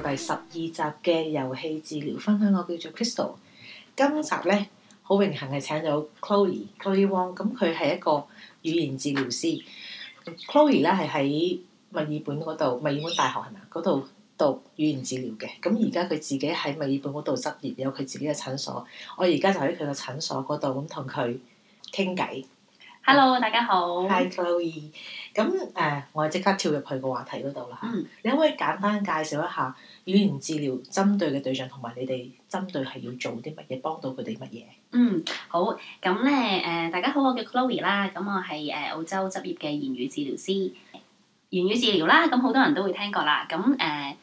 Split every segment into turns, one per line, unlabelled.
第十二集嘅遊戲治療分享，我叫做 Crystal。今集咧好榮幸係請咗 c h l o e y w 咁佢係一個語言治療師。c h l o e y 咧係喺墨爾本嗰度，墨爾本大學係嘛嗰度讀語言治療嘅。咁而家佢自己喺墨爾本嗰度執業，有佢自己嘅診所。我而家就喺佢嘅診所嗰度咁同佢傾偈。
Hello，大家好。
Hi，Chloe。咁、呃、誒，我即刻跳入去個話題嗰度啦。嗯。你可唔可以簡單介紹一下語言治療針對嘅對象同埋你哋針對係要做啲乜嘢，幫到佢哋乜嘢？嗯，好。
咁咧誒，大家好，我叫 Chloe 啦。咁我係誒澳洲執業嘅言語治療師。言語治療啦，咁好多人都會聽過啦。咁誒。呃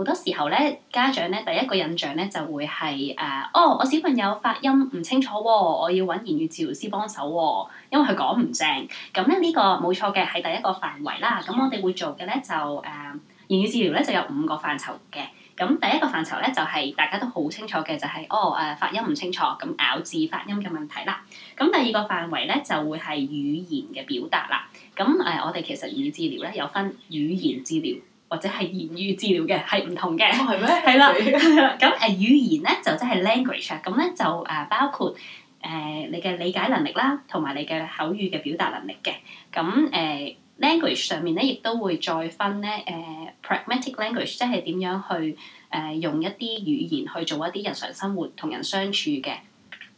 好多時候咧，家長咧第一個印象咧就會係誒、啊，哦，我小朋友發音唔清楚喎、哦，我要揾言語治療師幫手喎、哦，因為佢講唔正。咁咧呢個冇錯嘅係第一個範圍啦。咁、嗯、我哋會做嘅咧就誒、啊，言語治療咧就有五個範疇嘅。咁、嗯、第一個範疇咧就係、是、大家都好清楚嘅，就係、是、哦誒、啊、發音唔清楚，咁、嗯、咬字發音嘅問題啦。咁、嗯、第二個範圍咧就會係語言嘅表達啦。咁、嗯、誒、嗯、我哋其實言語治療咧有分語言治療。或者係言語治療嘅係唔同嘅，係咩、哦？係啦，咁誒的 語言咧就即係 language 啊，咁咧就誒包括誒、呃、你嘅理解能力啦，同埋你嘅口語嘅表達能力嘅。咁、呃、誒 language 上面咧，亦都會再分咧誒、呃、pragmatic language，即係點樣去誒、呃、用一啲語言去做一啲日常生活同人相處嘅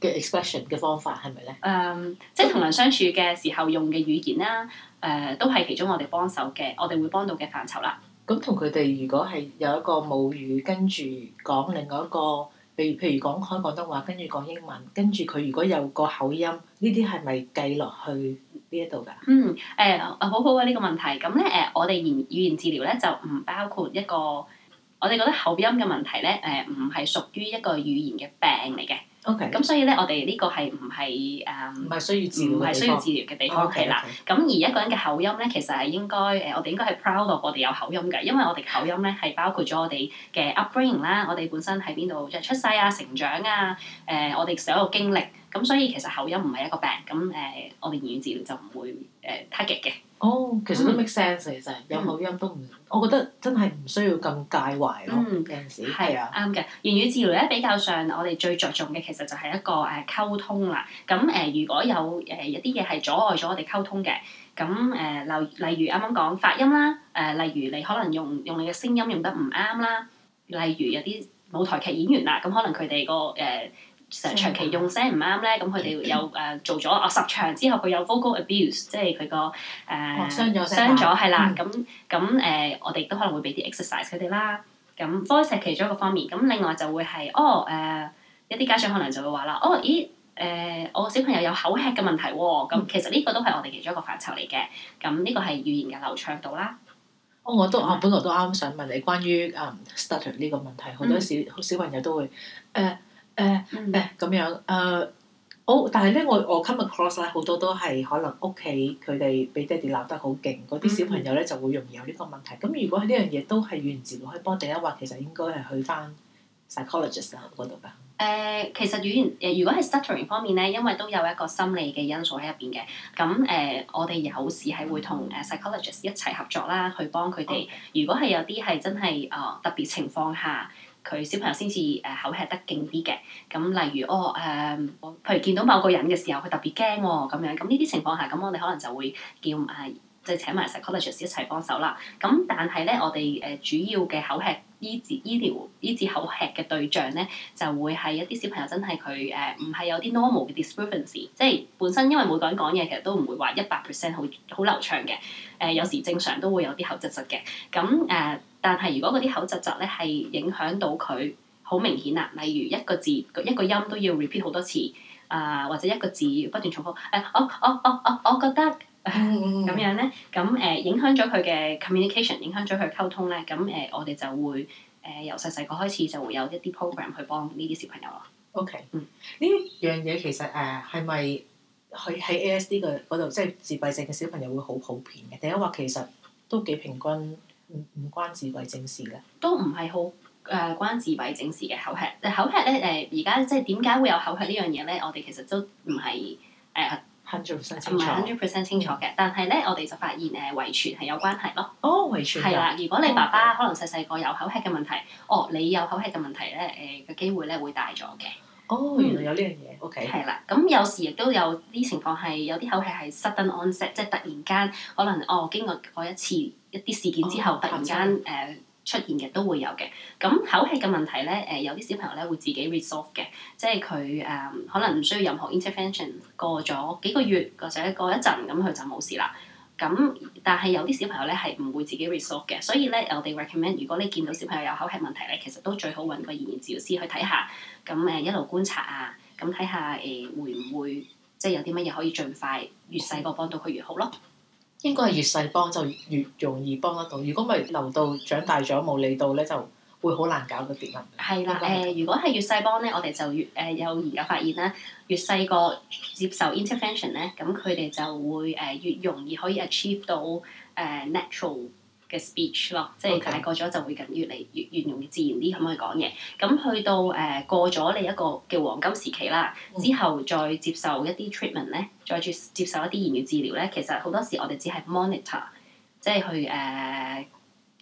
嘅 expression 嘅方法係咪咧？誒、呃，即係同人相處嘅時候用嘅語言啦，誒、呃、都係其中我哋
幫手嘅，我哋會幫到嘅範疇啦。咁同佢哋如果係有一個母語跟住講另外一個，譬如譬如講開廣東話，跟住講英文，跟住佢如果有個口音，呢啲係咪計落去呢一度㗎？嗯，誒、呃，好好啊，呢、這個問
題。咁、嗯、咧，誒、呃，我哋言語言治療咧就唔包括一個，我哋覺得口音嘅問題咧，誒、呃，唔係屬於一個語言嘅病嚟嘅。OK，咁所以咧，我哋呢個係唔係誒？唔、um, 係需要治療，唔係需要治療嘅地方，OK 啦。咁、啊 okay, okay. 而一個人嘅口音咧，其實係應該誒，我哋應該係 proud of 我哋有口音嘅，因為我哋口音咧係 包括咗我哋嘅 upbringing 啦，我哋本身喺邊度，即係出世啊、成長啊，誒、呃，我哋所有經歷。咁、嗯、所以其實口音唔係一個病，咁、呃、誒，我哋言語治療就唔會誒、呃、target 嘅。
哦，oh, 其實都 make sense、嗯、其實，有口音都唔，嗯、我覺得真係唔需要咁介懷咯。嗯、有陣時
係是是啊，啱嘅。言語治療咧比較上，我哋最着重嘅其實就係一個誒、啊、溝通啦。咁誒、呃、如果有誒、呃、一啲嘢係阻礙咗我哋溝通嘅，咁誒例例如啱啱講發音啦，誒、呃、例如你可能用用你嘅聲音用得唔啱啦，例如有啲舞台劇演員啦，咁可能佢哋個誒。呃呃成長期用聲唔啱咧，咁佢哋有誒做咗哦十場之後，佢有 vocal abuse，即係佢個誒傷咗傷咗係啦。咁咁誒，我哋都可能會俾啲 exercise 佢哋啦。咁多石其中一個方面，咁另外就會、是、係哦誒、呃，一啲家長可能就會話啦，哦咦誒、呃，我小朋友有口吃嘅問題喎。咁、嗯嗯、其實呢個都係我哋其中一個範疇嚟嘅。咁呢個係語言嘅
流暢度啦。哦，我都吧我本來都啱想問你關於、um, stutter 呢個問題，好多小、嗯、多小，小朋友都會誒。Uh, 誒誒咁樣，誒、uh, oh，我但係咧，我我 come across 咧好多都係可能屋企佢哋俾爹哋鬧得好勁，嗰啲小朋友咧、mm hmm. 就會容易有呢個問題。咁如果呢樣嘢都係語言治療可以幫第一或其實應該係去翻 psychologist 嗰度噶。誒、呃，其實語言誒，如果係 stuttering 方面咧，因為
都有一個心理嘅因素喺入邊嘅。咁誒、呃，我哋有時係會同誒 psychologist 一齊合作啦，去幫佢哋。Okay. 如果係有啲係真係誒、呃、特別情況下。佢小朋友先至誒口吃得勁啲嘅，咁例如哦誒、呃，譬如見到某個人嘅時候，佢特別驚喎咁樣，咁呢啲情況下，咁我哋可能就會叫誒，即、啊、係、就是、請埋成個 doctor 一齊幫手啦。咁但係咧，我哋誒、呃、主要嘅口吃醫治醫療醫治口吃嘅對象咧，就會係一啲小朋友真係佢誒唔係有啲 normal 嘅 discrepancy 即係本身因為每個人講嘢其實都唔會話一百 percent 好好流暢嘅，誒、呃、有時正常都會有啲口窒窒嘅，咁誒。呃但係如果嗰啲口窒窒咧，係影響到佢好明顯啊！例如一個字一個音都要 repeat 好多次，啊、呃、或者一個字不斷重複，誒、啊、我我我我我覺得咁、呃嗯、樣咧，咁誒、呃、影響咗佢嘅 communication，影響咗佢溝通咧，咁誒、呃、我哋就會誒由細細個開始
就會有一啲 program 去幫呢啲小朋友咯。OK，嗯，呢樣嘢其實誒係咪佢喺 ASD 嘅嗰度，即、呃、係、就是、自閉症嘅小朋友會好普遍嘅？定係話其實都幾平均？唔唔關自閉症事嘅，都唔係好誒關
自閉症事嘅口吃，口吃咧誒而家即係點解會有口吃呢樣嘢咧？我哋其實都唔係誒，唔係 hundred percent 清楚嘅。嗯、但係咧，我哋就發現誒遺傳係有關係咯。哦，遺傳係啦。如果你爸爸可能細細個有口吃嘅問題，哦，你有口吃嘅問題咧，誒嘅機會咧會大咗嘅。哦，原來有呢樣嘢。OK。係啦，咁有時亦都有啲情況係有啲口吃係 sudden onset，即係突然間可能哦經過過一次。一啲事件之後，突然間誒、呃、出現嘅都會有嘅。咁口氣嘅問題咧，誒、呃、有啲小朋友咧會自己 resolve 嘅，即係佢誒可能唔需要任何 intervention。過咗幾個月或者過一陣，咁佢就冇事啦。咁但係有啲小朋友咧係唔會自己 resolve 嘅，所以咧我哋 recommend，如果你見到小朋友有口氣問題咧，其實都最好揾個語言治療師去睇下，咁誒、呃、一路觀察啊，咁睇下誒會唔會
即係有啲乜嘢可以盡快越細個幫到佢越，越好咯。應該係越細幫就越容易幫得到，如果咪留到長大咗冇理到咧，就會好難搞嗰啲人。係啦的，誒、呃，如果係越細幫咧，我哋就越誒、呃、有研究發現啦，越細個
接受 intervention 咧，咁佢哋就會誒越容易可以 achieve 到誒、呃、natural。嘅 speech 咯，即係大個咗就會更越嚟越越容易自然啲咁去講嘢。咁去到誒、呃、過咗你一個嘅黃金時期啦，嗯、之後再接受一啲 treatment 咧，再接接受一啲語言治療咧，其實好多時我哋只係 monitor，
即係去誒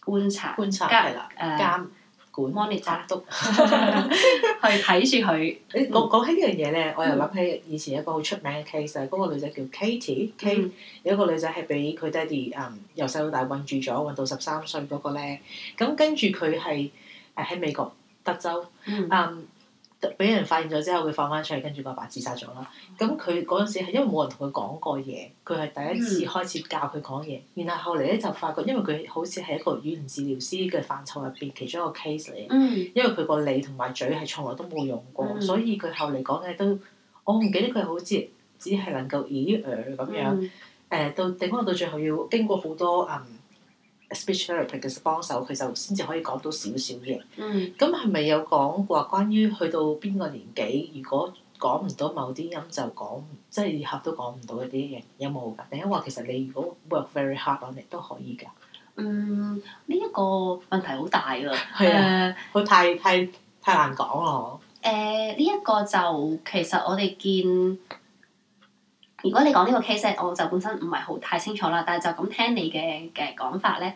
觀察、觀察、係啦察及、監。Uh, 管幫你揸督， 去睇住佢。誒、 嗯，講講起呢樣嘢咧，我又諗起以前一個好出名嘅 case，嗰、嗯、個女仔叫 Katie K，Katy,、嗯、Kay, 有一個女仔係俾佢爹哋誒由細到大韞住咗，韞到十三歲嗰個咧。咁、嗯、跟住佢係誒喺美國 德州，嗯 um, 俾人發現咗之後，佢放翻出嚟，跟住個爸自殺咗啦。咁佢嗰陣時係因為冇人同佢講過嘢，佢係第一次開始教佢講嘢。Mm hmm. 然後後嚟咧就發覺，因為佢好似係一個語言治療師嘅範疇入邊其中一個 case 嚟，mm hmm. 因為佢個脷同埋嘴係從來都冇用過，mm hmm. 所以佢後嚟講嘅，都我唔記得佢好似只係能夠咦咁樣誒、mm hmm. uh, 到地方到最後要經過好多啊。Um, speech therapy 嘅幫手，佢就先至可以講到少少嘢。咁係咪有講過話關於去到邊個年紀，如果講唔到某啲音，就講即係以後都講唔到嗰啲嘢，有冇㗎？定係話其實你如果 work very hard on it 都可以㗎？嗯，呢、這、一個問題好大㗎，誒、啊，好、呃、太太太難講咯。誒、
呃，呢、這、一個就其實我哋見。如果你講呢個 case，我就本身唔係好太清楚啦。但係就咁聽你嘅嘅講法咧，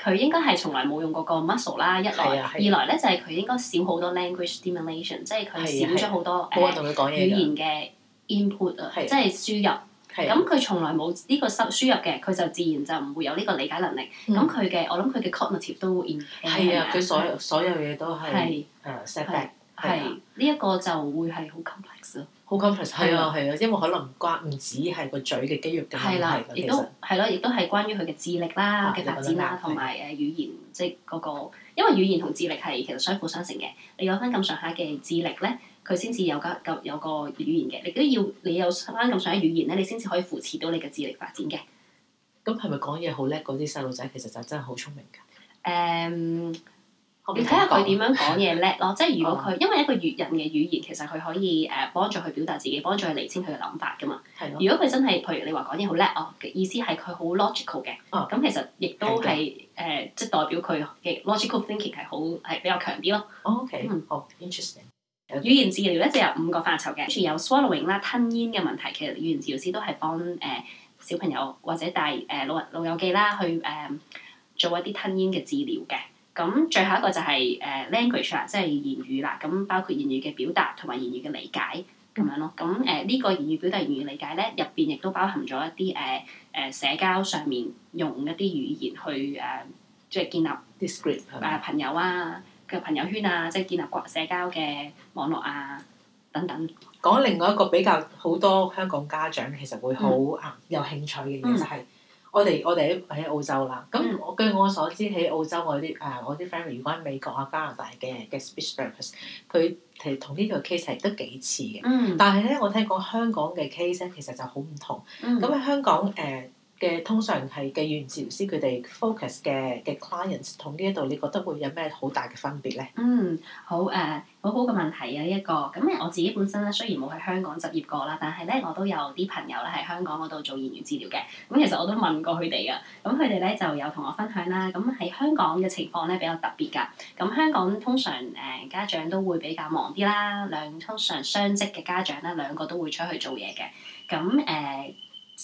佢應該係從來冇用過個 muscle 啦，一來二來咧就係佢應該少好多 language stimulation，即係佢少咗好多語言嘅 input，即係輸入。咁佢從來冇呢個輸輸入嘅，佢就自然就唔會有呢個理解能力。咁佢嘅我諗佢嘅 cognitive 都會係啊，佢所有所有嘢都
係誒係係呢一個就會係好 complex。.係啊，係啊，因為可能唔關唔止係個嘴嘅肌肉嘅問題啦。其實亦都係咯，亦都係關於
佢嘅智力啦、嘅發展啦，同埋誒語言，即係嗰個，因為語言同智力係其實相輔相成嘅。你有翻咁上下嘅智力咧，佢先至有個咁有個語言嘅。你都要你有翻咁上下語言咧，你先至可以扶持到你嘅智力發展嘅。咁係咪講嘢好叻嗰啲細路仔其實就真係好聰明㗎？誒。你睇下佢點樣講嘢叻咯，即係如果佢，因為一個語人嘅語言，其實佢可以誒幫、呃、助佢表達自己，幫助佢釐清佢嘅諗法㗎嘛。的如果佢真係，譬如你說說話講嘢好叻哦，意思係佢好 logical 嘅。咁、哦、其實亦都係誒，即係代表佢嘅 logical thinking 係好係比較強啲咯。O K，好，interesting、okay。語言治療咧就有五個範疇嘅，跟住有 swallowing 啦，吞咽嘅問題，其實語言治療師都係幫誒小朋友或者大誒、呃、老人老友記啦去誒、呃、做一啲吞咽嘅治療嘅。咁最後一個就係誒 language 啦，即係言語啦。咁包括言語嘅表達同埋言語嘅理解咁、嗯、樣咯。咁誒呢個言語表達、言語理解咧，入邊亦都包含咗一啲誒誒社交上面用一啲語言去誒、呃，即係建立 disciple This group，啊、呃、朋友啊嘅吧朋
友圈啊，即係建立個社交嘅網絡啊等等。講另外一個比較好多香港家長其實會好硬、嗯嗯、有興趣嘅嘢就係。嗯我哋我哋喺澳洲啦，咁據我所知喺澳洲我啲誒，我啲 friend、uh，如果喺美國啊加拿大嘅嘅 speech therapist 佢係同呢個 case 係都幾似嘅，嗯、但係咧我聽講香港嘅 case 咧其實就好唔同，咁喺、嗯、香港誒。Uh, 嘅通常係嘅語言治療師佢哋 focus 嘅嘅 client 同呢一度，你覺得會有咩好大嘅分別咧？嗯，好誒，呃、好好嘅問題啊，一個咁我自己本身咧，雖然冇喺香港執業
過啦，但係咧我都有啲朋友咧喺香港嗰度做語言治療嘅。咁其實我都問過佢哋噶，咁佢哋咧就有同我分享啦。咁喺香港嘅情況咧比較特別㗎。咁香港通常誒、呃、家長都會比較忙啲啦，兩通常雙職嘅家長咧兩個都會出去做嘢嘅。咁誒。呃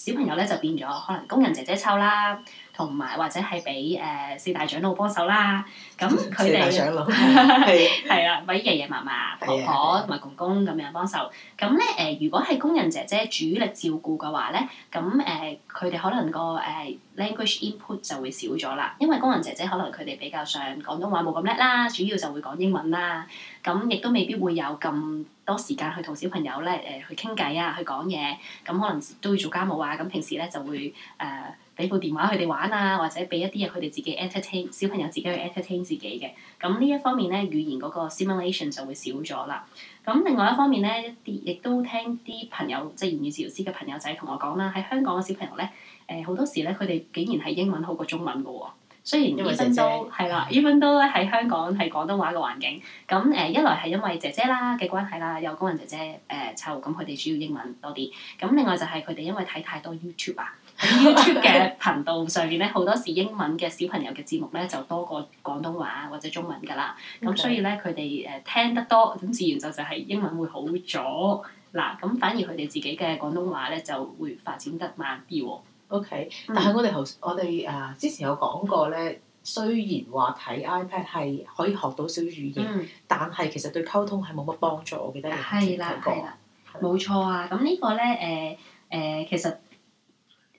小朋友咧就變咗，可能工人姐姐湊啦，同埋或者係俾誒四大長老幫手啦。咁佢哋四大長老係啊，或者 的爺爺嫲嫲、的婆婆同埋公公咁樣幫手。咁咧誒，如果係工人姐姐主力照顧嘅話咧，咁誒佢哋可能個誒 language input 就會少咗啦。因為工人姐姐可能佢哋比較上廣東話冇咁叻啦，主要就會講英文啦。咁亦都未必會有咁多時間去同小朋友咧誒、呃、去傾偈啊，去講嘢咁，可能都要做家務啊。咁平時咧就會誒俾、呃、部電話佢哋玩啊，或者俾一啲嘢佢哋自己 entertain 小朋友自己去 entertain 自己嘅。咁、嗯、呢一方面咧語言嗰個 simulation 就會少咗啦。咁、嗯、另外一方面咧一啲亦都聽啲朋友即係、就是、言語治療師嘅朋友仔同我講啦，喺香港嘅小朋友咧誒好多時咧佢哋竟然係英文好過中文嘅喎、哦。雖然醫生都係啦，醫生都咧喺香港係廣東話嘅環境，咁誒一來係因為姐姐啦嘅、呃、關係啦，有工人姐姐誒湊，咁佢哋主要英文多啲，咁另外就係佢哋因為睇太多 YouTube 啊，YouTube 嘅頻道上面咧好 多時英文嘅小朋友嘅節目咧就多過廣東話或者中文噶啦，咁所以咧佢哋誒聽得多，咁自然就就係英文會好咗，嗱咁反而佢
哋自己嘅廣東話咧就會發展得慢啲喎。O.K.，但係我哋頭、嗯、我哋誒、啊、之前有講過咧，雖然話睇 iPad 係可以學到少少語言，嗯、但係其實對溝通係冇乜幫助，我記得你有啦，係啦，冇錯
啊。咁呢個咧誒誒，
其實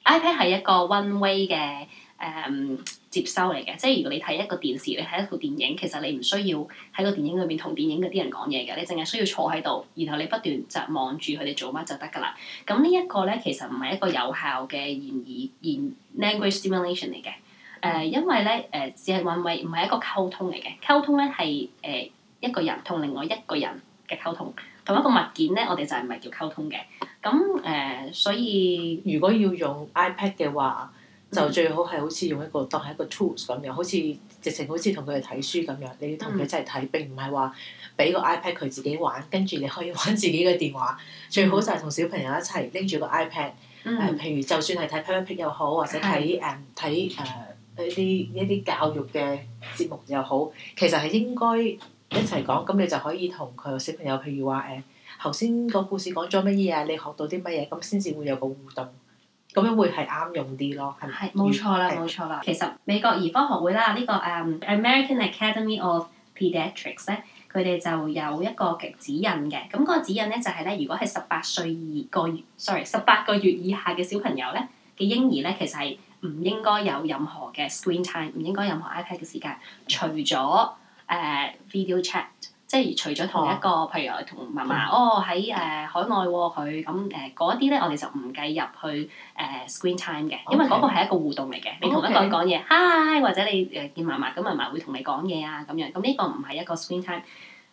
iPad 係一個 one way 嘅。誒，um, 接收嚟嘅，即係如果你睇一個電視，你睇一套電影，其實你唔需要喺個電影裏面同電影嗰啲人講嘢嘅，你淨係需要坐喺度，然後你不斷就望住佢哋做乜就得噶啦。咁呢一個咧，其實唔係一個有效嘅言語言 language stimulation 嚟嘅。誒、呃，因為咧，誒、呃，只係 one way，唔係一個溝通嚟嘅，溝通咧係誒一個人同另外一個人嘅溝通，同一個物件咧，我哋就係唔係叫溝通嘅。
咁誒、呃，所以如果要用 iPad 嘅話，.就最好係好似用一個當係一個 tools 咁樣，好似直情好似同佢哋睇書咁樣，你要同佢一齊睇，嗯、並唔係話俾個 iPad 佢自己玩，跟住你可以玩自己嘅電話。最好就係同小朋友一齊拎住個 iPad，嗯呃、譬如就算係睇 Peppa Pig 又好，或者睇誒睇誒一啲一啲教育嘅節目又好，其實係應該一齊講，咁你就可以同佢小朋友，譬如話誒，頭、呃、先個故事講咗乜嘢啊？你學到啲乜嘢？咁先至會有個互動。咁樣會係啱用啲咯，係咪？冇錯啦，
冇錯啦。其實美國兒科學會啦，呢、這個誒 American Academy of Pediatrics 咧，佢哋就有一個指引嘅。咁、那、嗰個指引咧就係、是、咧，如果係十八歲二個月，sorry，十八個月以下嘅小朋友咧嘅嬰兒咧，其實係唔應該有任何嘅 screen time，唔應該任何 iPad 嘅時間，除咗誒、uh, video chat。即係除咗同一個，oh. 譬如話同嫲嫲，oh. 哦喺誒、呃、海外喎佢，咁誒嗰啲咧，我哋就唔計入去誒、呃、screen time 嘅，因為嗰個係一個互動嚟嘅，Okay. 你同一個講嘢，hi，或者你誒見嫲嫲，咁嫲嫲會同你講嘢啊咁樣，咁、這、呢個唔係一個 screen time、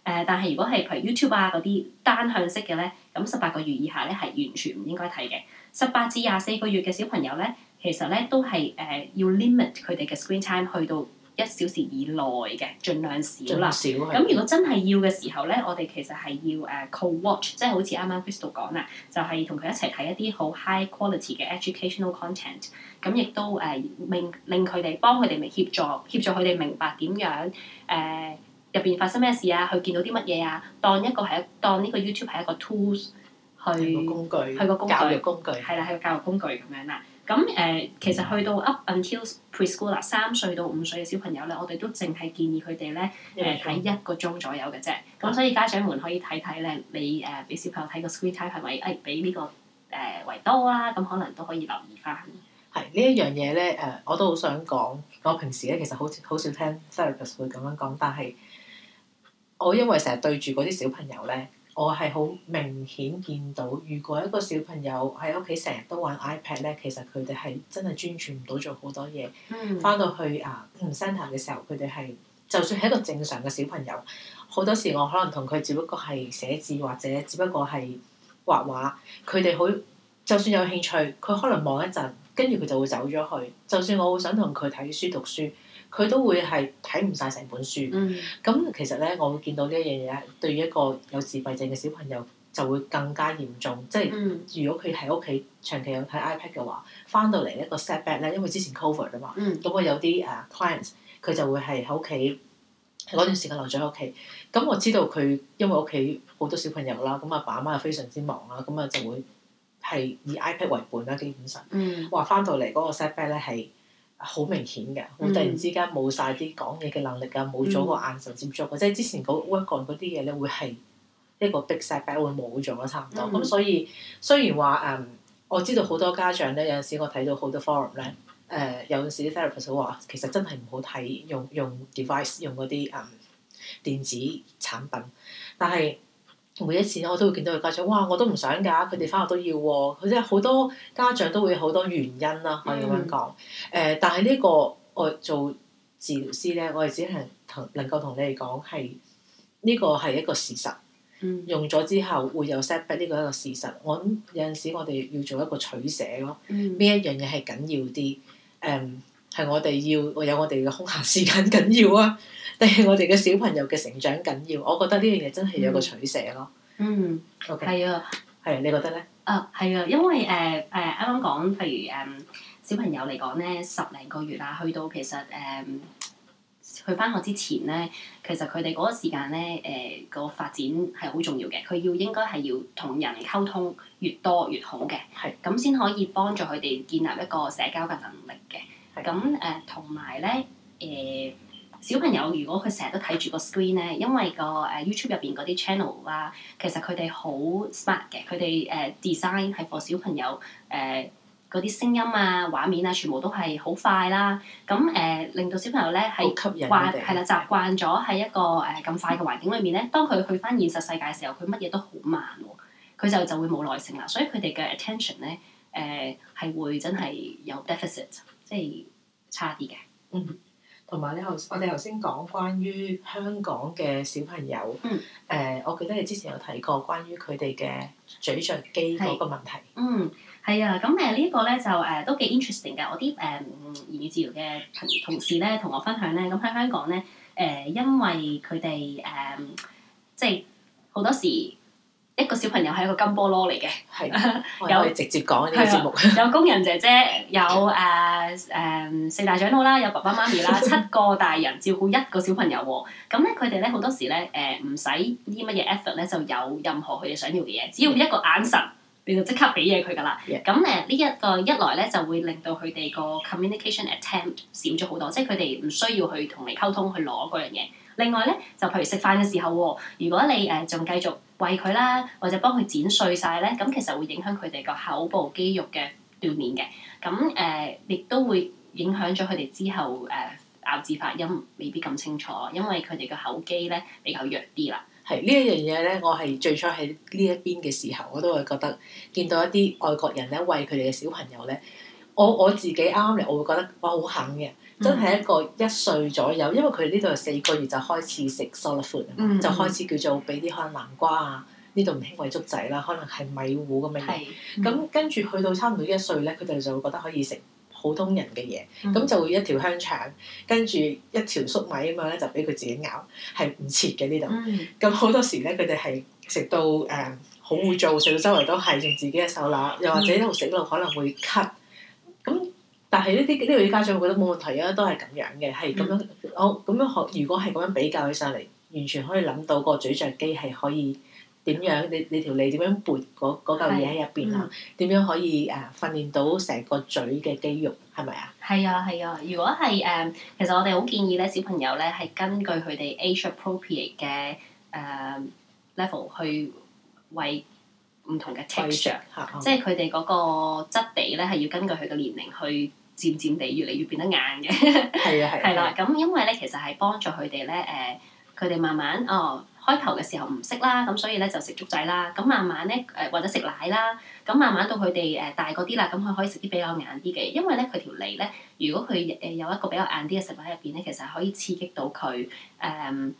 呃。誒，但係如果係譬如 YouTube 啊嗰啲單向式嘅咧，咁十八個月以下咧係完全唔應該睇嘅。十八至廿四個月嘅小朋友咧，其實咧都係誒、呃、要 limit 佢哋嘅 screen time 去到。一小時以內嘅，儘量少啦。咁如果真係要嘅時候咧，嗯、我哋其實係要誒、uh, co-watch，即係好似啱啱 Christal 講啦，就係同佢一齊睇一啲好 high quality 嘅 educational content。咁亦都誒令令佢哋幫佢哋咪協助協助佢哋明白點樣誒入邊發生咩事啊？佢見到啲乜嘢啊？當一個係當呢個 YouTube 係一個 tools 去個工具去個工具教育工具，係啦，係個教育工具咁樣啦。嗯咁誒，嗯、其實去到 up until preschool 啦，school，三歲到五歲嘅小朋友咧，我哋都淨係建議佢哋咧誒睇一個鐘左右嘅啫。咁、嗯、所以家長們可以睇睇咧，你誒俾小朋友睇個 screen time 係咪誒、哎、比呢、
這個誒、呃、為多啦？咁、啊、可能都可以留意返。係呢一樣嘢咧誒，我都好想講。我平時咧其實好少好少聽 therapist 會咁樣講，但係我因為成日對住嗰啲小朋友咧。我係好明顯見到，如果一個小朋友喺屋企成日都玩 iPad 咧，其實佢哋係真係專注唔到做好多嘢。翻到去啊 centre 嘅時候，佢哋係就算係一個正常嘅小朋友，好多時我可能同佢只不過係寫字或者只不過係畫畫，佢哋好就算有興趣，佢可能望一陣，跟住佢就會走咗去。就算我會想同佢睇書讀書。佢都會係睇唔晒成本書，咁、嗯嗯嗯、其實咧，我會見到呢一樣嘢，對於一個有自閉症嘅小朋友就會更加嚴重。即係、嗯、如果佢喺屋企長期有睇 iPad 嘅話，翻到嚟一個 setback 咧，因為之前 COVID 啊嘛，咁我、嗯嗯嗯、有啲誒 clients 佢就會係喺屋企嗰段時間留咗喺屋企。咁、嗯嗯嗯、我知道佢因為屋企好多小朋友啦，咁阿爸阿媽又非常之忙啦，咁啊就會係以 iPad 為本啦，基本上。話翻到嚟嗰個 setback 咧係～好明顯嘅，會突然之間冇晒啲講嘢嘅能力啊，冇咗個眼神接觸嘅，mm hmm. 即係之前嗰 o 幹嗰啲嘢咧，會係一個逼曬，或者會冇咗差唔多，咁、mm hmm. 所以雖然話誒、嗯，我知道好多家長咧，有陣時我睇到好多 forum 咧，誒、呃、有陣時啲 therapist 都話，其實真係唔好睇用用 device 用嗰啲誒電子產品，但係。每一次咧，我都會見到佢家長，哇！我都唔想㗎，佢哋返學都要喎。佢即係好多家長都會好多原因啦，可以咁講。誒、mm hmm. 呃，但係呢個我做治療師咧，我哋只能同能夠同你哋講係呢個係一個事實。Mm hmm. 用咗之後會有 setback 呢個一個事實。我諗有陣時我哋要做一個取捨咯，邊一樣嘢係緊要啲？誒，係我哋要我有我哋嘅空閒時間緊要啊！對我哋嘅小朋友嘅成長緊要，我覺得呢樣嘢真係有個取捨咯。嗯
OK
係啊，係、嗯、啊 Okay?、嗯，你覺得咧？啊，係啊，因為誒誒啱啱講，譬如誒、嗯、小朋友嚟講咧，十零
個月啊，去到其實誒、嗯、去返學之前咧，其實佢哋嗰個時間咧誒個發展係好重要嘅，佢要應該係要同人溝通越多越好嘅，係咁先可以幫助佢哋建立一個社交嘅能力嘅。咁誒同埋咧誒。小朋友如果佢成日都睇住個 screen 咧，因為、個誒、啊、YouTube 入邊嗰啲 channel 啊，其實佢哋好 smart 嘅，佢哋誒 design 係 FOR 小朋友誒嗰啲聲音啊、畫面啊，全部都係好快啦。咁誒、uh, 令到小朋友咧係吸引慣，係啦，習慣咗喺一個誒咁、uh, 快嘅環境裏面咧，當佢去翻現實世界嘅時候，佢乜嘢都好慢喎，佢就就會冇耐性啦。所以佢哋嘅 attention 咧誒係、uh, 會真係有 deficit，即係
差啲嘅。嗯同埋咧，頭我哋頭先講關於香港嘅小朋友，誒、嗯呃，我記得你之前有提過關於佢哋嘅咀嚼肌嗰個問題。嗯，
係啊，咁誒呢一個咧就誒、呃、都幾 interesting 嘅。我啲誒、呃、言語治療嘅同同事咧同我分享咧，咁喺香港咧，誒、呃、因為佢哋誒，即係好多時。一個小朋友係一個金菠蘿嚟嘅，的
有直接講啲節目，
有工人姐姐，有誒誒、呃、四大長老啦，有爸爸媽咪啦，七個大人照顧一個小朋友喎。咁咧， 佢哋咧好多時咧誒唔使、呃、啲乜嘢 effort 咧，就有任何佢哋想要嘅嘢，只要一個眼神，你就即刻俾嘢佢噶啦。咁誒呢一個一來咧，就會令到佢哋個 communication attempt 少咗好多，即係佢哋唔需要去同你溝通去攞嗰樣嘢。另外咧，就譬如食飯嘅時候，如果你誒仲、呃、繼續。餵佢啦，或者幫佢剪碎晒咧，咁其實會影響佢哋個口部肌肉嘅鍛鍊嘅，咁誒亦都會影響咗佢哋之後誒、呃、咬字發音未必咁清楚，因為佢哋個口肌咧比
較弱啲啦。係呢一樣嘢咧，我係最初喺呢一邊嘅時候，我都會覺得見到一啲外國人咧餵佢哋嘅小朋友咧。我我自己啱啱嚟，我會覺得我好肯嘅，真係一個一歲左右，因為佢呢度係四個月就開始食 solid food，嗯嗯嗯嗯就開始叫做俾啲可能南瓜啊，呢度唔興喂粥仔啦，可能係米糊咁樣。咁、嗯、跟住去到差唔多一歲咧，佢哋就會覺得可以食普通人嘅嘢，咁、嗯嗯、就會一條香腸，跟住一條粟米吖嘛，咧，就俾佢自己咬，係唔切嘅呢度。咁好、嗯嗯、多時咧，佢哋係食到誒好會做，食到周圍都係用自己嘅手攞，又或者一路食一路可能會咳。但係呢啲呢度啲家長，我覺得冇問題啊，都係咁樣嘅，係咁樣，我、哦、咁樣學。如果係咁樣比較起上嚟，完全可以諗到個咀嚼肌係可以點樣？你你條脷點樣撥嗰嚿嘢喺入邊啊？點樣可以誒訓練到成個嘴嘅肌肉係咪啊？係啊
係啊！如果係誒、呃，其實我哋好建議咧，小朋友咧係根據佢哋 age appropriate 嘅誒、呃、level 去為唔同嘅 texture 即係佢哋嗰個質地咧係要根據佢嘅年齡去。筋銘漸漸地越嚟越變得硬嘅，係啊係。係啦，咁因為咧，其實係幫助佢哋咧，誒、呃，佢哋慢慢哦，開頭嘅時候唔識啦，咁所以咧就食粥仔啦，咁慢慢咧誒或者食奶啦，咁慢慢到佢哋誒大個啲啦，咁佢可以食啲比較硬啲嘅，因為咧佢條脷咧，如果佢誒有一個比較硬啲嘅食物喺入邊咧，其實係可以刺激到佢誒。呃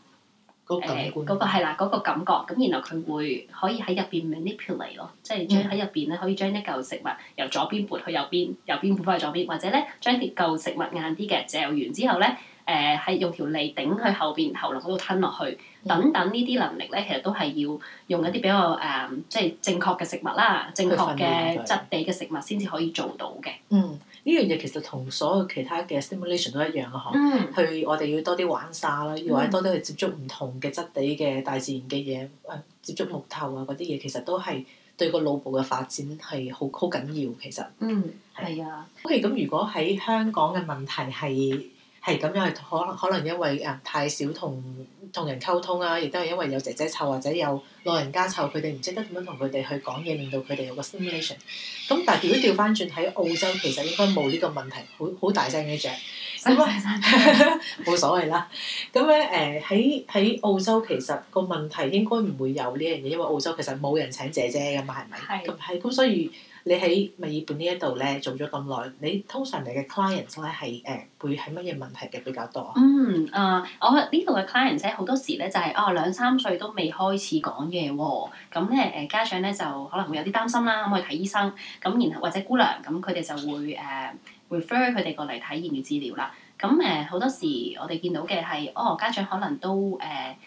誒嗰、呃這個係啦，嗰、這個感覺，咁然後佢會可以喺入邊 manipulate 咯，即係將喺入邊咧可以將一嚿食物由左邊撥去右邊，右邊撥翻去左邊，或者咧將啲嚿食物硬啲嘅嚼完之後咧，誒、呃、係用條脷頂去後邊喉嚨嗰度吞落去，嗯、等等呢啲能力咧，其實都係要用一啲比較誒、呃，即係正確嘅食物啦，正確嘅質
地嘅食物先至可以做到嘅。嗯。呢樣嘢其實同所有其他嘅 stimulation 都一樣咯，嗬、嗯。去我哋要多啲玩沙啦，要玩、嗯、多啲去接觸唔同嘅質地嘅大自然嘅嘢，嗯、接觸木頭啊嗰啲嘢，其實都係對個腦部嘅發展係好好緊要，其實。嗯，係啊是。的 OK，咁如果喺香港嘅問題係。係咁樣，係可能可能因為誒太少同同人溝通啊，亦都係因為有姐姐湊或者有老人家湊，佢哋唔識得點樣同佢哋去講嘢，令到佢哋有個 stimulation 咁。但係如果調翻轉喺澳洲，其實應該冇呢個問題，好好大聲嘅啫。冇 所謂啦。咁咧，誒喺喺澳洲其實個問題應該唔會有呢樣嘢，因為澳洲其實冇人請姐姐嘅嘛，係咪的？係咁，係咁，所以你喺墨爾本呢一度咧做咗咁耐，你通常你嘅 client 咧係誒、呃、會係乜嘢問題嘅比較多？嗯啊、呃，我呢度嘅 client 咧好多時咧就係、是、哦
兩三歲都未開始講嘢喎，咁咧誒家長咧就可能會有啲擔心啦，咁去睇醫生，咁然後或者姑娘咁佢哋就會誒。呃 refer 佢哋過嚟體驗嘅治療啦。咁誒好多時我哋見到嘅係，哦家長可能都誒誒、呃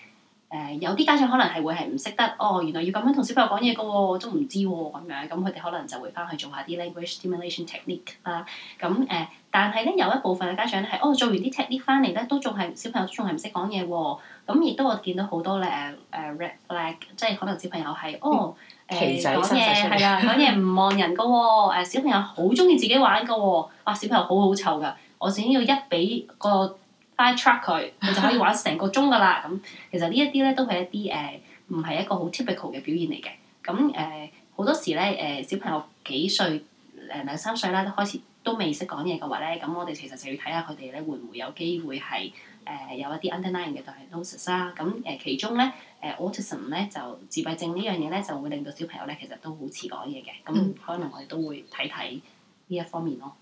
呃、有啲家長可能係會係唔識得，哦原來要咁樣同小朋友講嘢嘅喎，都唔知喎咁、哦、樣，咁佢哋可能就會翻去做下啲 language stimulation technique 啦。咁、嗯、誒、呃，但係咧有一部分嘅家長咧係，哦做完啲 technique 翻嚟咧都仲係小朋友仲係唔識講嘢喎。咁亦都我見到好多咧誒誒 red flag，即係可能小朋友係哦。 誒講嘢係啦，講嘢唔望人噶喎、哦 呃。小朋友好中意自己玩噶喎、哦啊，小朋友好好湊噶，我先要一俾個 fire truck 佢，佢 就可以玩成個鐘噶啦。咁、嗯、其實呢一啲咧都係一啲誒唔係一個好 typical 嘅表現嚟嘅。咁誒好多時咧誒、呃、小朋友幾歲誒、呃、兩三歲啦，都開始都未識講嘢嘅話咧，咁我哋其實就要睇下佢哋咧會唔會有機會係。誒、呃、有一啲 underlying 嘅就係 diagnosis、啊、啦，咁誒其中咧誒、呃、autism 咧就自閉症呢樣嘢咧就會令到小朋友咧其實都好似講嘢嘅，咁、啊嗯、
可能我哋都會睇睇呢一方面咯。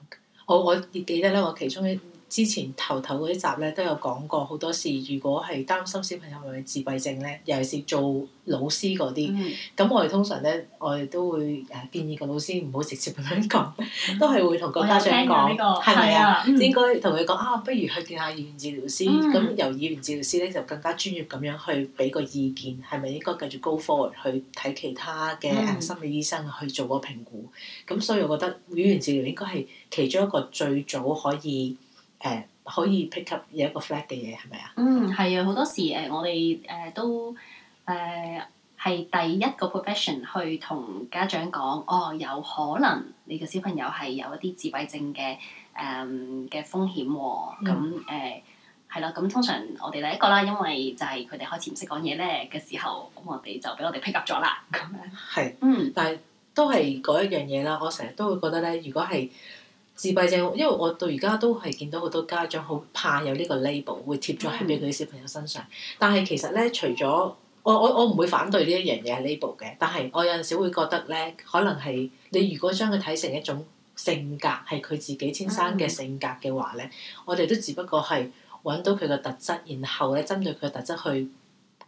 Okay. 好，我記得咧，我其中一。之前頭頭嗰集咧都有講過好多事。如果係擔心小朋友係自閉症咧，尤其是做老師嗰啲，咁、嗯、我哋通常咧，我哋都會誒建議個老師唔好直接咁樣講，都係會同個家長講，係咪、這個、啊？嗯、應該同佢講啊，不如去見下語言治療師。咁、嗯、由語言治療師咧就更加專業咁樣去俾個意見，係咪應該繼續高科去睇其他嘅心理醫生去做個評估？咁、嗯、所以我覺得語言治療應該係其中一個最早可以。誒可以 pick up 有一個 flat 嘅嘢係咪啊？嗯，
係啊，好多時誒我哋誒都誒係、呃、第一個 profession 去同家長講，哦有可能你嘅小朋友係有一啲自閉症嘅誒嘅風險喎、哦。咁誒係啦，咁、嗯、通常我哋第一個啦，因為就係佢哋開始
唔識講嘢咧嘅時候，咁我哋就俾我哋 pick up 咗啦。咁樣係嗯，但係都係嗰一樣嘢啦。我成日都會覺得咧，如果係。自閉症，因為我到而家都係見到好多家長好怕有呢個 label 會貼咗喺俾佢小朋友身上，嗯、但係其實咧，除咗我我我唔會反對呢一樣嘢係 label 嘅，但係我有陣時會覺得咧，可能係你如果將佢睇成一種性格，係佢自己天生嘅性格嘅話咧，嗯、我哋都只不過係揾到佢嘅特質，然後咧針對佢嘅特質去。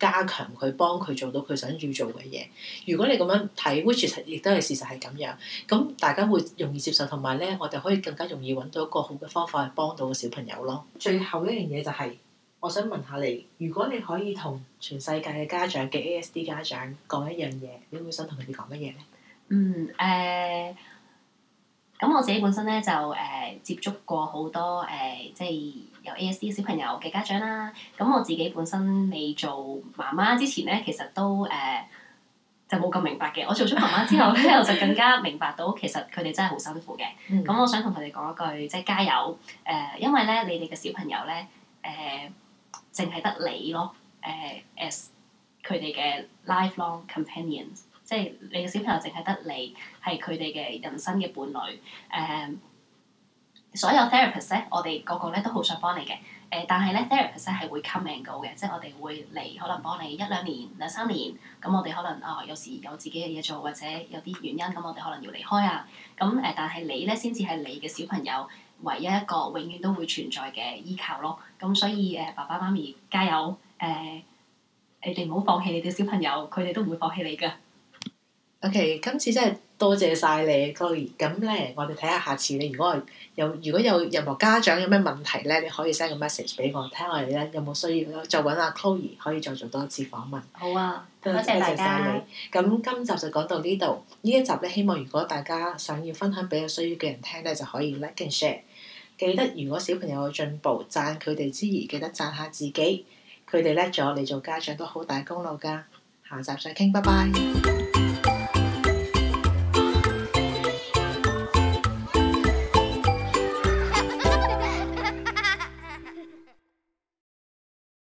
加強佢幫佢做到佢想要做嘅嘢。如果你咁樣睇，which 亦都係事實係咁樣，咁大家會容易接受。同埋咧，我哋可以更加容易揾到一個好嘅方法去幫到個小朋友咯。最後一樣嘢就係、是，我想問下你，如果你可以同全世界嘅家長嘅 ASD 家長講一樣嘢，你會想同佢哋講乜嘢咧？嗯，
誒、uh。咁我自己本身咧就誒、呃、接觸過好多誒、呃，即係有 ASD 小朋友嘅家長啦。咁、啊、我自己本身未做媽媽之前咧，其實都誒、呃、就冇咁明白嘅。我做咗媽媽之後咧， 我就更加明白到其實佢哋真係好辛苦嘅。咁 我想同佢哋講一句，即係加油誒、呃！因為咧，你哋嘅小朋友咧誒，淨係得你咯誒誒，as 佢哋嘅 lifelong companions。即係你嘅小朋友，淨係得你係佢哋嘅人生嘅伴侶。誒、um，所有 therapist 咧，我哋個個咧都好想幫你嘅。誒，但係咧，therapist 係會 come and go 嘅，即係我哋會嚟可能幫你一兩年兩三年。咁我哋可能哦，有時有自己嘅嘢做，或者有啲原因，咁我哋可能要離開啊。咁誒，但係你咧先至係你嘅小朋友唯一一個永遠都會存在嘅依靠咯。咁所以誒、啊，爸爸媽咪加油！誒、
啊，你哋唔好放棄你哋小朋友，佢哋都唔會放棄你噶。OK，今次真係多謝晒你，Chloe。咁咧，我哋睇下下次你如果有如果有任何家長有咩問題咧，你可以 send 個 message 俾我，睇下我哋咧有冇需要咯，再揾阿 Chloe 可以再做多一次訪問。好啊，多謝晒你。咁今集就講到呢度，呢一集咧，希望如果大家想要分享俾有需要嘅人聽咧，就可以 like and share。記得如果小朋友有進步，讚佢哋之餘，記得讚下自己。佢哋叻咗，你做家長都好大功勞㗎。下集再傾，拜拜。